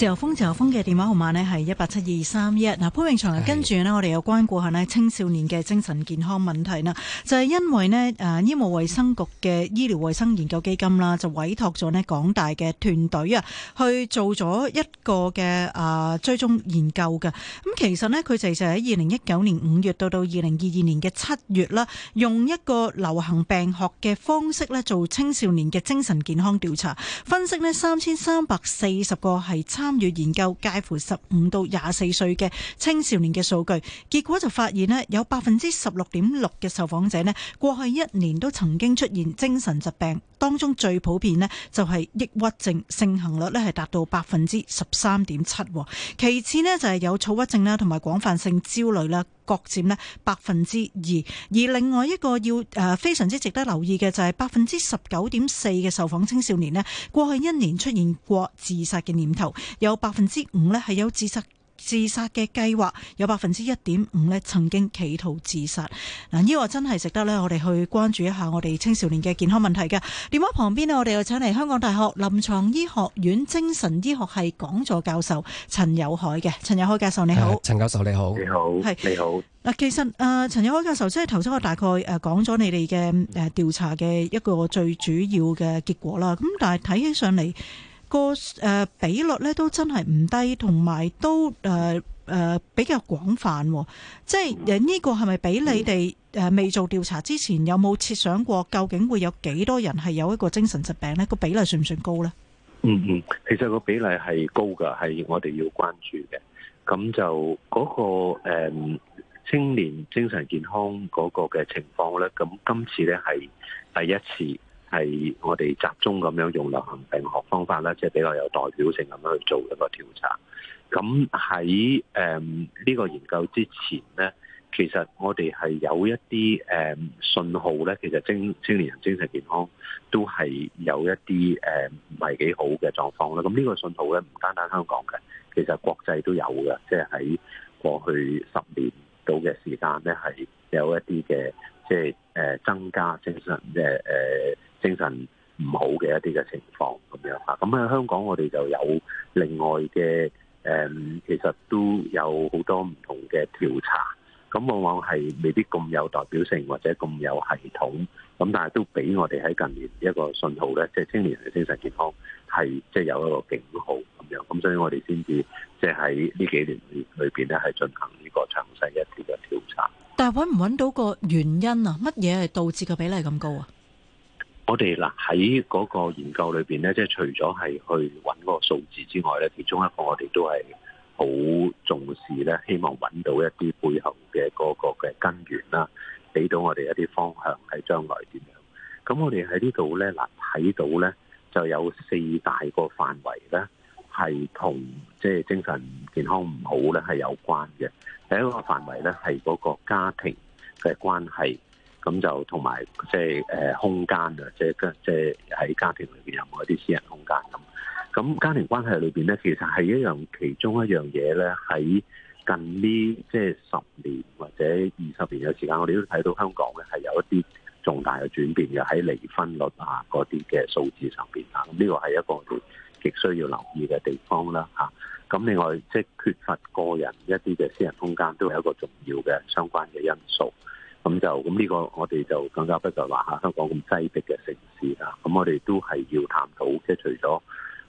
自由風，自由風嘅電話號碼呢係一八七二三一。嗱，潘永祥啊，跟住呢，我哋有關顧下呢青少年嘅精神健康問題啦。就係、是、因為呢誒醫務衛生局嘅醫療衛生研究基金啦，就委託咗呢港大嘅團隊啊，去做咗一個嘅誒追蹤研究嘅。咁其實呢，佢就係就喺二零一九年五月到到二零二二年嘅七月啦，用一個流行病學嘅方式呢做青少年嘅精神健康調查，分析呢三千三百四十個係差，參與研究介乎十五到廿四歲嘅青少年嘅數據，結果就發現咧，有百分之十六點六嘅受訪者咧，過去一年都曾經出現精神疾病。當中最普遍呢，就係抑鬱症盛行率呢係達到百分之十三點七，其次呢，就係有躁鬱症啦同埋廣泛性焦慮啦各佔呢百分之二，而另外一個要誒非常之值得留意嘅就係百分之十九點四嘅受訪青少年呢，過去一年出現過自殺嘅念頭，有百分之五呢係有自殺。自殺嘅計劃，有百分之一點五咧，曾經企圖自殺。嗱，呢個真係值得咧，我哋去關注一下我哋青少年嘅健康問題嘅。電話旁邊我哋又請嚟香港大學臨床醫學院精神醫學系講座教授陳友凱嘅。陳友凱教授你好，陳教授你好，你好，係、呃、你好。嗱，其實啊，陳、呃、友凱教授，即係頭先我大概誒講咗你哋嘅誒調查嘅一個最主要嘅結果啦。咁但係睇起上嚟。個誒比率咧都真係唔低，同埋都比較廣泛，即係呢個係咪俾你哋未做調查之前有冇設想過究竟會有幾多人係有一個精神疾病呢？個比例算唔算高呢？嗯嗯，其實個比例係高噶，係我哋要關注嘅。咁就嗰個青年精神健康嗰個嘅情況呢，咁今次呢係第一次。係我哋集中咁樣用流行病學方法啦，即係比較有代表性咁樣去做一個調查。咁喺誒呢個研究之前呢，其實我哋係有一啲誒信號呢，其實精青年人精神健康都係有一啲誒唔係幾好嘅狀況啦。咁呢個信號呢，唔單單香港嘅，其實國際都有嘅。即係喺過去十年到嘅時間呢，係有一啲嘅即係增加精神嘅誒。呃精神唔好嘅一啲嘅情況，咁樣吓，咁喺香港我哋就有另外嘅誒、嗯，其實都有好多唔同嘅調查，咁往往係未必咁有代表性或者咁有系統，咁但係都俾我哋喺近年一個信號咧，即係青年人嘅精神健康係即係有一個警號，咁樣，咁所以我哋先至即係喺呢幾年裏邊咧係進行呢個詳細一啲嘅調查。但係揾唔揾到個原因啊？乜嘢係導致嘅比例咁高啊？我哋嗱喺嗰個研究裏邊咧，即係除咗係去揾個數字之外咧，其中一個我哋都係好重視咧，希望揾到一啲背後嘅嗰個嘅根源啦，俾到我哋一啲方向喺將來點樣。咁我哋喺呢度咧嗱睇到咧就有四大個範圍咧，係同即係精神健康唔好咧係有關嘅。第一個範圍咧係嗰個家庭嘅關係。咁就同埋即係誒空間啊，即係即係喺家庭裏邊有冇一啲私人空間咁？咁家庭關係裏邊咧，其實係一樣其中一樣嘢咧，喺近呢即係十年或者二十年嘅時間，我哋都睇到香港咧係有一啲重大嘅轉變嘅喺離婚率啊嗰啲嘅數字上面啊，呢個係一個我哋極需要留意嘅地方啦吓，咁另外即係缺乏個人一啲嘅私人空間，都係一個重要嘅相關嘅因素。咁就咁呢個，我哋就更加不在話下。香港咁擠迫嘅城市啦，咁我哋都係要探討即係除咗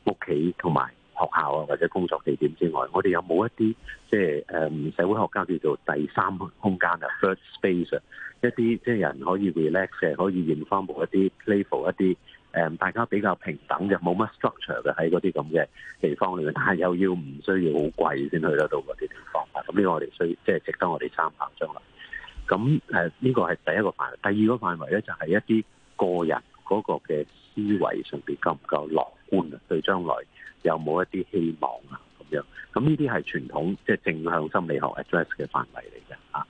屋企同埋學校啊，或者工作地點之外，我哋有冇一啲即係誒、嗯、社會學家叫做第三空間啊，first space，啊一啲即係人可以 relax 嘅，可以 informal 一啲，playful 一啲、嗯，大家比較平等嘅，冇乜 structure 嘅喺嗰啲咁嘅地方裏面，但係又要唔需要好貴先去得到嗰啲地方啊。咁呢個我哋需即係值得我哋參考，將咁呢個係第一個範圍，第二個範圍咧就係、是、一啲個人嗰個嘅思維上面夠唔夠樂觀啊、嗯？對將來有冇一啲希望啊？咁樣，咁呢啲係傳統即係、就是、正向心理學 address 嘅範圍嚟嘅嚇。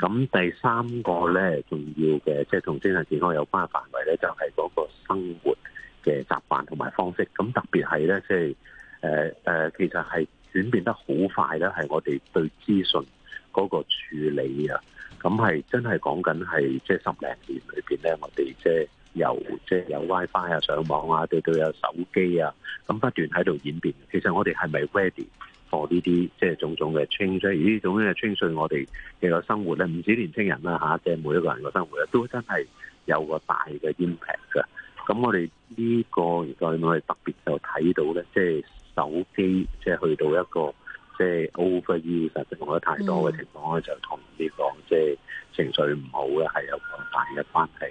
咁、嗯、第三個咧仲要嘅即係同精神健康有關嘅範圍咧，就係、是、嗰個生活嘅習慣同埋方式。咁特別係咧，即、就、係、是呃、其實係轉變得好快咧，係我哋對資訊嗰個處理啊。咁係真係講緊係，即係十零年裏面咧，我哋即係有即係有 WiFi 啊、上網啊，對到有手機啊，咁不斷喺度演變。其實我哋係咪 ready for 呢啲即係種種嘅 change？呢種嘅 change 我哋嘅生活咧，唔止年青人啦吓，即係嘅每一個人嘅生活咧，都真係有個大嘅 impact 嘅。咁我哋呢個而家我哋特別就睇到咧，即係手機即係去到一個。即係 overuse 用得太多嘅情況咧，mm -hmm. 這個，就同呢個即係情緒唔好嘅係有個大嘅關係。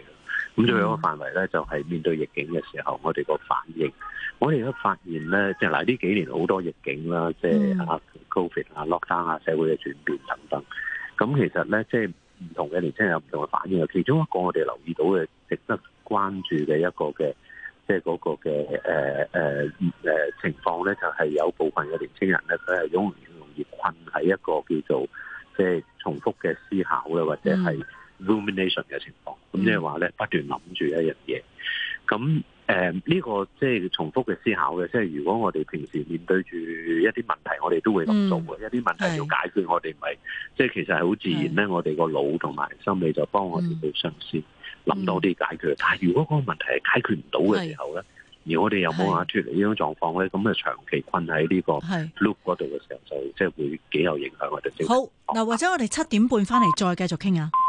咁仲有一個範圍咧，就係、是、面對逆境嘅時候，我哋個反應，我哋都發現咧，即係嗱呢幾年好多逆境啦，即係啊 COVID 啊 Lockdown 啊，社會嘅轉變等等。咁其實咧，即係唔同嘅年青人有唔同嘅反應。其中一個我哋留意到嘅，值得關注嘅一個嘅。即係嗰個嘅誒誒誒情況咧，就係有部分嘅年輕人咧，佢係容易容易困喺一個叫做即係重複嘅思考啦，或者係 rumination 嘅情況。咁即係話咧，不斷諗住一樣嘢。咁誒呢個即係重複嘅思考嘅，即係如果我哋平時面對住一啲問題，我哋都會諗到嘅、嗯。一啲問題要解決我哋，我哋咪即係其實係好自然咧。我哋個腦同埋心理就幫我哋去嘗試。嗯嗯諗多啲解決，嗯、但係如果嗰個問題係解決唔到嘅時候咧，而我哋又冇下出嚟呢種狀況咧，咁啊長期困喺呢個 loop 嗰度嘅時候，就即係會幾有影響我哋。好嗱，或者我哋七點半翻嚟再繼續傾啊。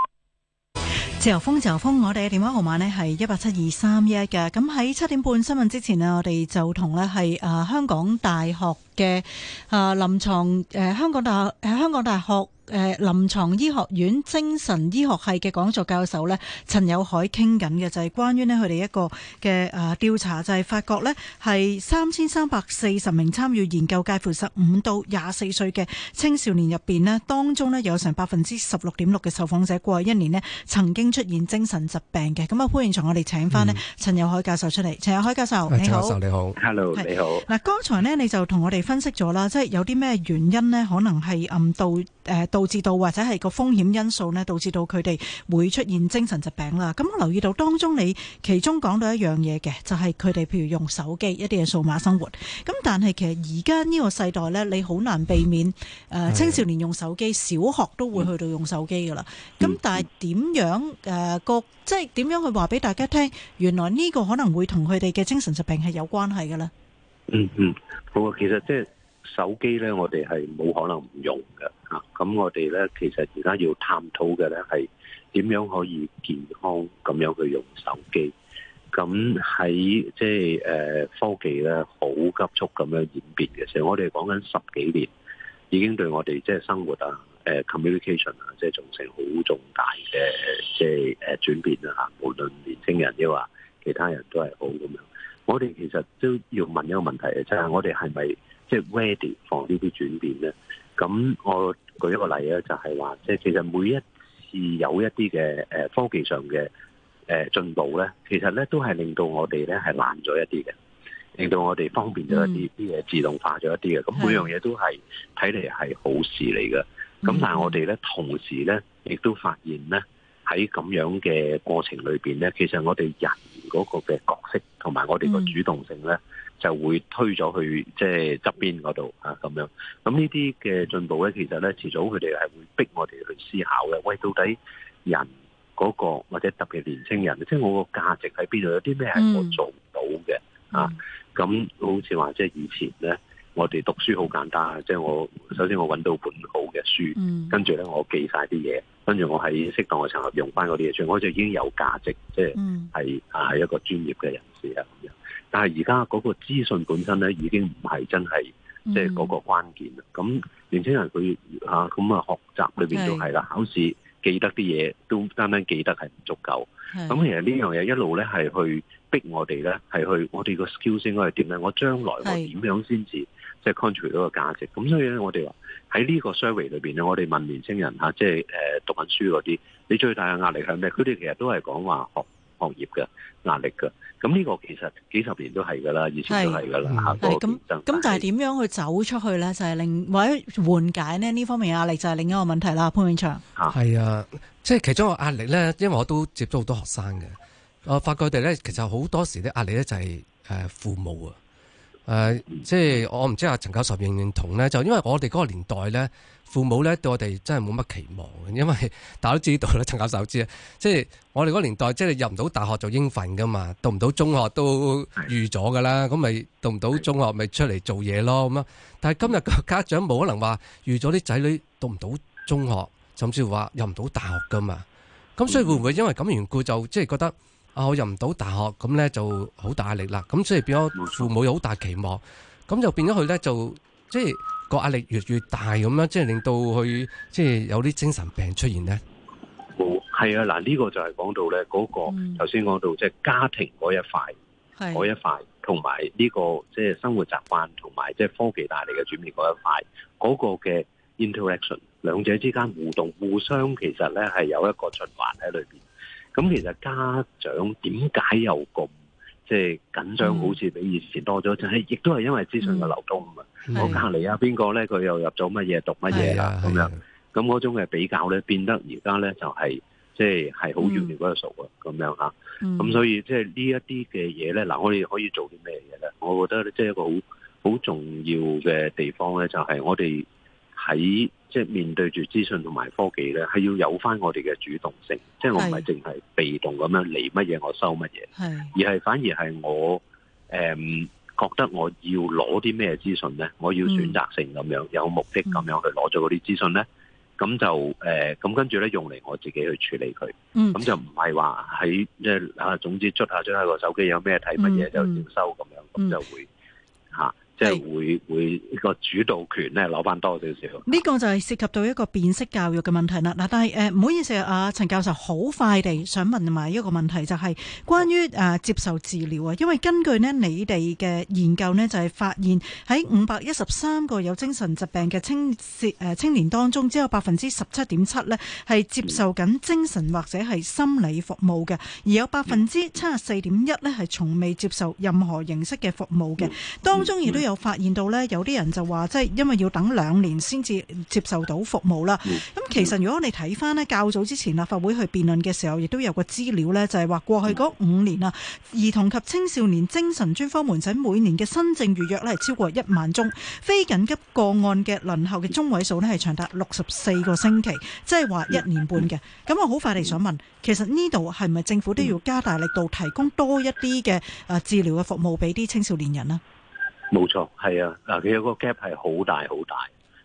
自由風，自由風，我哋嘅電話號碼呢係一八七二三一一嘅。咁喺七點半新聞之前呢，我哋就同呢係啊香港大學嘅啊臨床誒香港大學香港大學。誒，臨床醫學院精神醫學系嘅講座教授呢，陳友凱傾緊嘅就係、是、關於咧佢哋一個嘅誒調查，就係、是、發覺呢係三千三百四十名參與研究介乎十五到廿四歲嘅青少年入邊呢，當中呢有成百分之十六點六嘅受訪者過去一年呢曾經出現精神疾病嘅。咁啊，歡迎從我哋請翻咧陳友凱教授出嚟。陳、嗯、友凱教、教授，你好。教授你好，hello 你好。嗱，剛才呢你就同我哋分析咗啦，即係有啲咩原因呢可能係暗到誒。呃導致到或者係個風險因素呢，導致到佢哋會出現精神疾病啦。咁我留意到當中，你其中講到一樣嘢嘅，就係佢哋譬如用手機一啲嘅數碼生活。咁但係其實而家呢個世代呢，你好難避免誒、呃、青少年用手機，小學都會去到用手機噶啦。咁但係點樣誒個、呃、即係點樣去話俾大家聽？原來呢個可能會同佢哋嘅精神疾病係有關係嘅咧。嗯嗯，好啊，其實即係。手機咧，我哋係冇可能唔用嘅吓。咁我哋咧，其實而家要探討嘅咧，係點樣可以健康咁樣去用手機。咁喺即係科技咧，好急速咁樣演變嘅時候，所以我哋講緊十幾年，已經對我哋即係生活啊、呃、communication 啊，即係造成好重大嘅即係轉變啦吓。無論年輕人抑或其他人都係好咁樣，我哋其實都要問一個問題，即係我哋係咪？即係 ready 放呢啲轉變咧，咁我舉一個例咧，就係話，即係其實每一次有一啲嘅誒科技上嘅誒進步咧，其實咧都係令到我哋咧係難咗一啲嘅，令到我哋方便咗一啲，啲、嗯、嘢自動化咗一啲嘅，咁每樣嘢都係睇嚟係好事嚟嘅。咁但係我哋咧、嗯、同時咧，亦都發現咧。喺咁樣嘅過程裏邊咧，其實我哋人嗰個嘅角色同埋我哋個主動性咧，就會推咗去即係側邊嗰度啊，咁樣。咁呢啲嘅進步咧，其實咧遲早佢哋係會逼我哋去思考嘅。喂，到底人嗰個或者特別年青人，即係我個價值喺邊度？有啲咩係我做唔到嘅啊？咁、mm -hmm. 好似話即係以前咧。我哋讀書好簡單，即係我首先我揾到本好嘅書，跟住咧我記晒啲嘢，跟住我喺適當嘅場合用翻嗰啲嘢出，我就已經有價值，即係係啊係一個專業嘅人士咁樣、嗯、但係而家嗰個資訊本身咧已經唔係真係，即係嗰個關鍵啦。咁、嗯、年輕人佢啊咁啊學習裏面就係啦，考試記得啲嘢都單單記得係唔足夠。咁其實呢樣嘢一路咧係去逼我哋咧係去，我哋個 skills 應該係點咧？我將來我點樣先至？即係 contributed 個價值，咁所以咧，我哋話喺呢個 survey 裏邊咧，我哋問年青人嚇，即係誒讀緊書嗰啲，你最大嘅壓力係咩？佢哋其實都係講話學學業嘅壓力㗎。咁呢個其實幾十年都係㗎啦，以前都係㗎啦咁咁，但係點樣去走出去咧？就係、是、另或者緩解咧呢方面嘅壓力，就係另一個問題啦。潘永祥。係啊，啊，即係其中個壓力咧，因為我都接觸好多學生嘅，我發覺佢哋咧，其實好多時啲壓力咧就係、是、誒、呃、父母啊。誒、呃，即係我唔知阿陳教授認唔認同咧？就因為我哋嗰個年代咧，父母咧對我哋真係冇乜期望，因為大家都知道啦，陳教授知，即係我哋嗰個年代，即係入唔到大學就應份噶嘛，讀唔到中學都預咗噶啦，咁咪讀唔到中學咪出嚟做嘢咯咁啊！但係今日家長冇可能話預咗啲仔女讀唔到中學，甚至乎話入唔到大學噶嘛，咁所以會唔會因為咁緣故就即係覺得？啊、哦！我入唔到大學，咁咧就好大壓力啦。咁所以變咗父母有好大期望，咁就變咗佢咧就即係個壓力越來越大咁樣，即係令到佢即係有啲精神病出現咧。冇、嗯，係啊！嗱，呢個就係講到咧、那、嗰個頭先、嗯、講到即係家庭嗰一塊，嗰一塊同埋呢個即係生活習慣同埋即係科技帶嚟嘅轉變嗰一塊，嗰、那個嘅 interaction 兩者之間互動互相其實咧係有一個循環喺裏邊。咁、嗯、其實家長點解又咁即係緊張，嗯、好似比以前多咗？就係亦都係因為資訊嘅流通。啊、嗯，我隔籬啊，邊個咧佢又入咗乜嘢讀乜嘢啦？咁樣咁嗰種嘅比較咧，變得而家咧就係即係係好遠嘅嗰個數啊，咁樣吓，咁、嗯嗯嗯、所以即係呢一啲嘅嘢咧，嗱，我哋可以做啲咩嘢咧？我覺得即係一個好好重要嘅地方咧，就係我哋。喺即係面對住資訊同埋科技咧，係要有翻我哋嘅主動性，即係我唔係淨係被動咁樣嚟，乜嘢我收乜嘢，而係反而係我誒、呃、覺得我要攞啲咩資訊咧，我要選擇性咁樣、嗯、有目的咁樣去攞咗嗰啲資訊咧，咁、嗯、就誒咁跟住咧用嚟我自己去處理佢，咁、嗯、就唔係話喺即係啊，總之出下出下個手機有咩睇乜嘢就要收咁樣，咁、嗯、就會。嗯即係會會個主導權咧攞翻多少少。呢、這個就係涉及到一個辨識教育嘅問題啦。嗱，但係誒唔好意思啊，陳教授好快地想問埋一個問題，就係關於誒、啊、接受治療啊。因為根據咧你哋嘅研究咧，就係、是、發現喺五百一十三個有精神疾病嘅青誒青年當中，只有百分之十七點七咧係接受緊精神或者係心理服務嘅，而有百分之七十四點一咧係從未接受任何形式嘅服務嘅，當中亦都。有發現到咧，有啲人就話，即係因為要等兩年先至接受到服務啦。咁、嗯、其實如果你睇翻咧較早之前立法會去辯論嘅時候，亦都有個資料呢，就係、是、話過去嗰五年啊，兒童及青少年精神專科門診每年嘅新症預約呢，係超過一萬宗，非緊急個案嘅輪候嘅中位數呢，係長達六十四個星期，即係話一年半嘅。咁我好快地想問，其實呢度係咪政府都要加大力度提供多一啲嘅誒治療嘅服務俾啲青少年人呢？冇錯，係啊，嗱，佢有個 gap 係好大好大，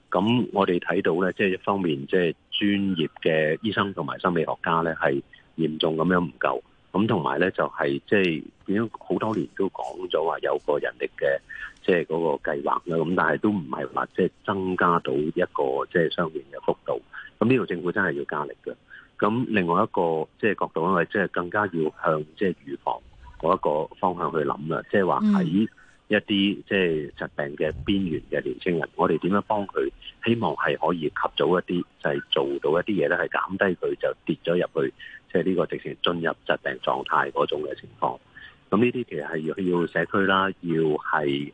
咁我哋睇到咧，即係一方面，即係專業嘅醫生同埋心理學家咧，係嚴重咁樣唔夠，咁同埋咧就係即係已經好多年都講咗話有個人力嘅，即係嗰個計劃啦，咁但係都唔係話即係增加到一個即係相應嘅幅度，咁呢度政府真係要加力嘅。咁另外一個即係角度咧，即係更加要向即係預防嗰一個方向去諗啦，即係話喺一啲即係疾病嘅邊緣嘅年青人，我哋點樣幫佢？希望係可以及早一啲，就係、是、做到一啲嘢咧，係減低佢就跌咗入去，即係呢個直情進入疾病狀態嗰種嘅情況。咁呢啲其實係要社區啦，要係誒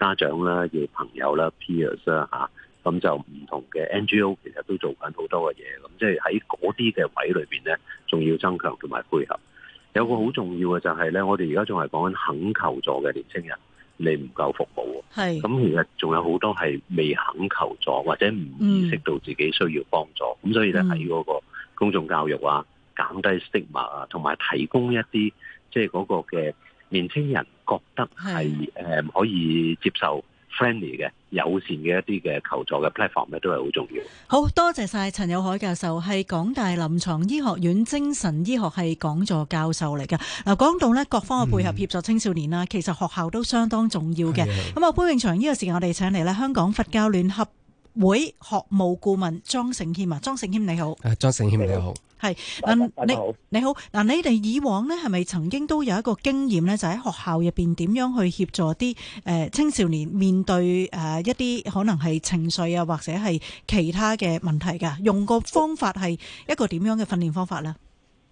家長啦，要朋友啦、peers 啦吓，咁就唔同嘅 NGO 其實都做緊好多嘅嘢。咁即係喺嗰啲嘅位置裏邊咧，仲要增強同埋配合。有個好重要嘅就係、是、咧，我哋而家仲係講緊肯求助嘅年青人。你唔夠服務，咁其實仲有好多係未肯求助，或者唔意識到自己需要幫助，咁、嗯、所以咧喺嗰個公眾教育啊、減低 stigma 啊，同埋提供一啲即係嗰個嘅年青人覺得係誒可以接受。friendly 嘅友善嘅一啲嘅求助嘅 platform 咧，都係好重要。好多謝晒陳友凱教授，係港大臨床醫學院精神醫學系講座教授嚟嘅。嗱，講到咧各方嘅配合協助青少年啦，其、嗯、實學校都相當重要嘅。咁啊，潘永祥呢個時間我哋請嚟咧，香港佛教聯合會學務顧問莊聖謙啊，莊聖謙你好，啊莊聖謙你好，係嗱你，你好嗱，你哋以往呢係咪曾經都有一個經驗呢，就喺、是、學校入邊點樣去協助啲誒青少年面對誒一啲可能係情緒啊或者係其他嘅問題噶，用個方法係一個點樣嘅訓練方法呢？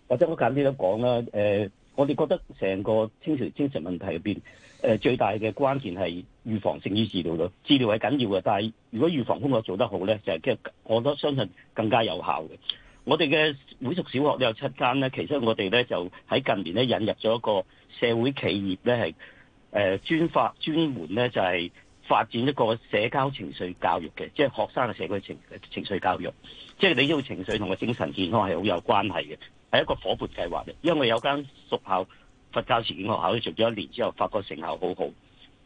或者我簡啲都講啦，誒、呃。我哋覺得成個青少年精神問題入邊誒最大嘅關鍵係預防勝於治療咯。治療係緊要嘅，但係如果預防工作做得好咧，就係即係我都相信更加有效嘅。我哋嘅會屬小學都有七間咧，其實我哋咧就喺近年咧引入咗一個社會企業咧，係誒專發專門咧就係發展一個社交情緒教育嘅，即係學生嘅社會情情緒教育，即係你呢個情緒同個精神健康係好有關係嘅。係一個夥伴計劃嚟，因為有間屬校佛教實驗學校咧做咗一年之後，發覺成效好好。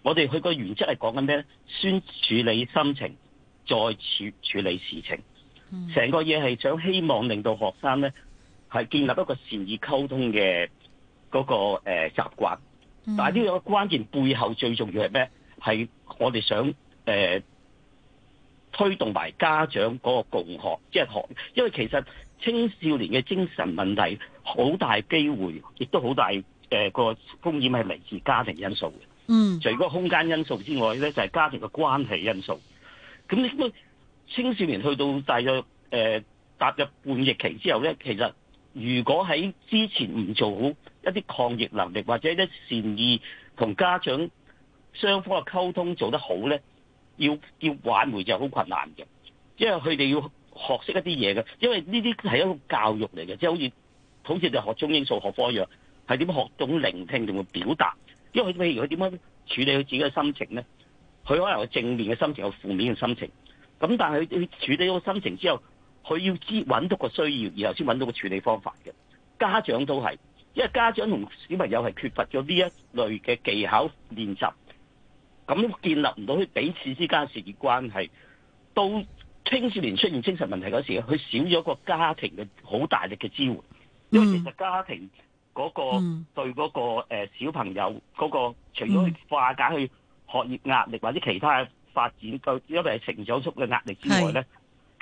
我哋佢個原則係講緊咩咧？先處理心情，再處處理事情。成個嘢係想希望令到學生咧，係建立一個善意溝通嘅嗰、那個誒習慣。但係呢個關鍵背後最重要係咩咧？係我哋想誒、呃、推動埋家長嗰個共學，即、就、係、是、學，因為其實。青少年嘅精神問題，好大機會，亦都好大誒、呃、個風險係嚟自家庭因素嘅。嗯，除咗空間因素之外咧，就係、是、家庭嘅關係因素。咁你個青少年去到大約誒、呃、踏入叛逆期之後咧，其實如果喺之前唔做好一啲抗逆能力，或者一啲善意同家長雙方嘅溝通做得好咧，要要挽回就好困難嘅，因為佢哋要。學識一啲嘢嘅，因為呢啲係一個教育嚟嘅，即係好似好似就學中英數學科一樣，係點樣學懂聆聽同埋表達。因為佢譬如佢點樣處理佢自己嘅心情咧？佢可能有正面嘅心，心情，有負面嘅心情。咁但係佢處理咗個心情之後，佢要知揾到個需要，然後先揾到個處理方法嘅。家長都係，因為家長同小朋友係缺乏咗呢一類嘅技巧練習，咁建立唔到佢彼此之間嘅事業關係，都。青少年出現精神問題嗰時候，佢少咗個家庭嘅好大力嘅支援，因為其實家庭嗰個對嗰個小朋友嗰個，除咗去化解佢學業壓力或者其他嘅發展，就因為係成長速嘅壓力之外咧，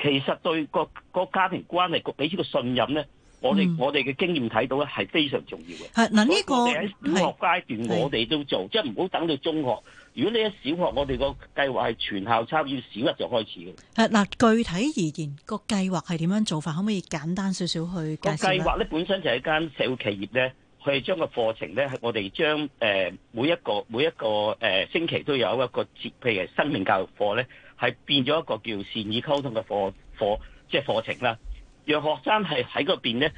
其實對個個家庭關係，俾個彼此嘅信任咧。我哋我哋嘅經驗睇到咧，係非常重要嘅。係、嗯、嗱，呢、呢個喺小學階段，我哋都做，即係唔好等到中學。如果你一小學，我哋個計劃係全校參與，要小一就開始嘅。係、啊、嗱，具體而言，個計劃係點樣做法？可唔可以簡單少少去介紹咧？計劃本身就係間社會企業咧，佢將個課程咧，係我哋將誒、呃、每一個每一個誒、呃、星期都有一個節，譬如生命教育課咧，係變咗一個叫善意溝通嘅課課，課，即係課程啦。讓學生係喺嗰邊咧，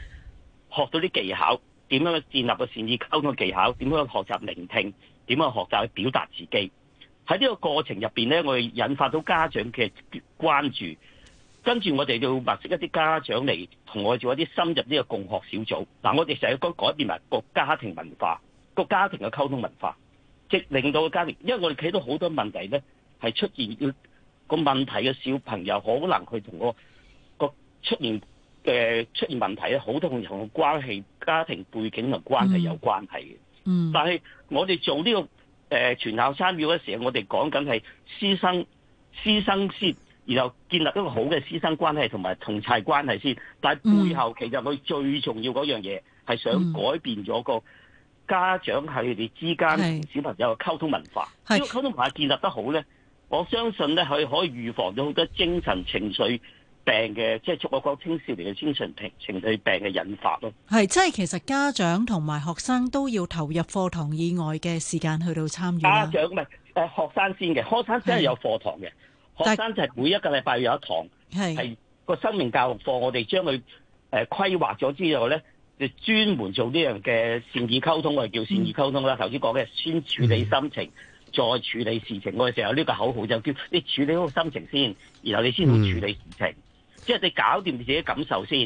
學到啲技巧，點樣去建立個善意溝通嘅技巧，點樣去學習聆聽，點樣去學習去表達自己。喺呢個過程入邊咧，我哋引發到家長嘅關注，跟住我哋要物色一啲家長嚟同我做一啲深入呢個共學小組。嗱，我哋成日要改變埋個家庭文化，個家庭嘅溝通文化，即令到個家庭，因為我哋睇到好多問題咧，係出現個問題嘅小朋友，可能佢同個個出現。誒，出現問題，咧，好多同人嘅關係、家庭背景同關係有關係。嘅、嗯。嗯，但係我哋做呢、這個誒、呃、全校參與嘅時候，我哋講緊係師生師生先，然後建立一個好嘅師生關係同埋同齊關係先。但係背後其實佢最重要嗰樣嘢係、嗯、想改變咗個家長喺佢哋之間同小朋友嘅溝通文化。如果溝通文化建立得好咧，我相信咧佢可以預防咗好多精神情緒病嘅，即係觸我個青少年嘅精神情緒病嘅引發咯。係，即係其實家長同埋學生都要投入課堂以外嘅時間去到參與。家長唔係，誒學生先嘅，學生先係有課堂嘅。學生就係每一個禮拜有一堂，係個生命教育課。我哋將佢誒規劃咗之後咧，就專門做呢樣嘅善意溝通，我哋叫善意溝通啦。頭先講嘅先處理心情，再處理事情。我哋就有呢個口號，就叫你處理好個心情先，然後你先去處理事情。嗯即係你搞掂你自己嘅感受先，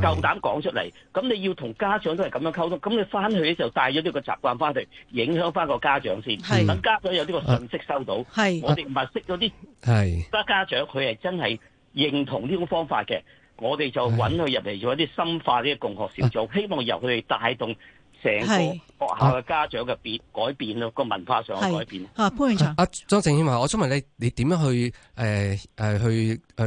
夠膽講出嚟。咁你要同家長都係咁樣溝通。咁你翻去嘅時候帶咗呢個習慣翻去，影響翻個家長先。係等家長有呢個信息收到。係我哋物色咗啲係得家長，佢係真係認同呢種方法嘅。我哋就揾佢入嚟做一啲深化呢個共學小組，希望由佢哋帶動成個學校嘅家長嘅變改變咯，個文化上嘅改變。啊潘長，阿、啊、莊、啊、聖謙話，我想問你，你點樣去誒誒去去？呃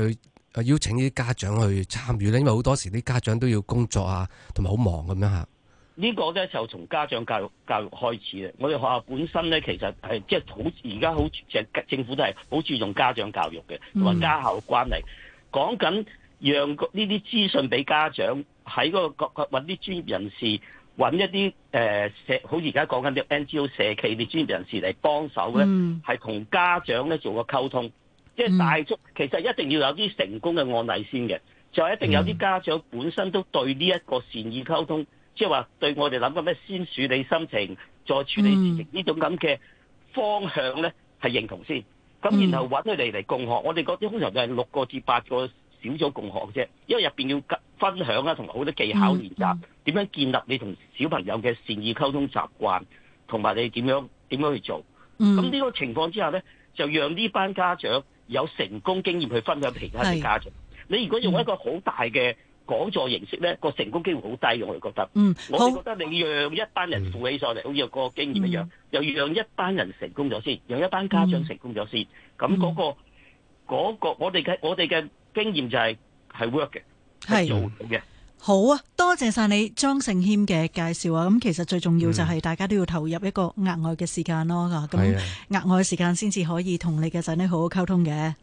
邀請啲家長去參與咧，因為好多時啲家長都要工作啊，同埋好忙咁樣吓。呢、呢個咧就從家長教育教育開始嘅。我哋學校本身咧，其實係即係好而家好政政府都係好注重家長教育嘅，同埋家校嘅關係。講、嗯、緊讓呢啲資訊俾家長喺嗰、嗰個搵啲專業人士，搵一啲誒社好似而家講緊啲 N G O 社企啲專業人士嚟幫手咧，係、嗯、同家長咧做個溝通。即係大足，其實一定要有啲成功嘅案例先嘅，就是一定有啲家長本身都對呢一個善意溝通，即係話對我哋諗緊咩先處理心情，再處理事情呢種咁嘅方向咧，係認同先。咁然後揾佢哋嚟共學，我哋嗰啲通常就係六個至八個小組共學嘅啫，因為入邊要分享啊，同埋好多技巧練習，點樣建立你同小朋友嘅善意溝通習慣，同埋你點樣點樣去做。咁呢個情況之下咧，就讓呢班家長有成功經驗去分享其他嘅家長。你如果用一個好大嘅講座形式咧，個成功機會好低嘅，我哋覺得。嗯，我覺得你讓一班人富起上嚟，好似個經驗一樣，又要讓一班人成功咗先，讓一班家長成功咗先。咁嗰個嗰個，我哋嘅我哋嘅經驗就係係我們的，work 嘅，係做嘅。好啊，多謝晒你莊聖謙嘅介紹啊！咁其實最重要就係大家都要投入一個額外嘅時間咯，咁、嗯、額外嘅時間先至可以同你嘅仔女好好溝通嘅。